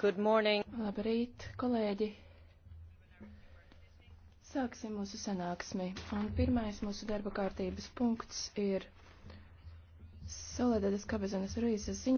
Good morning. Labrīt, kolēģi. Sāksim mūsu sanāksmi. Un pirmais mūsu darba kārtības punkts ir Soledades Kabezanas Ruizas ziņa.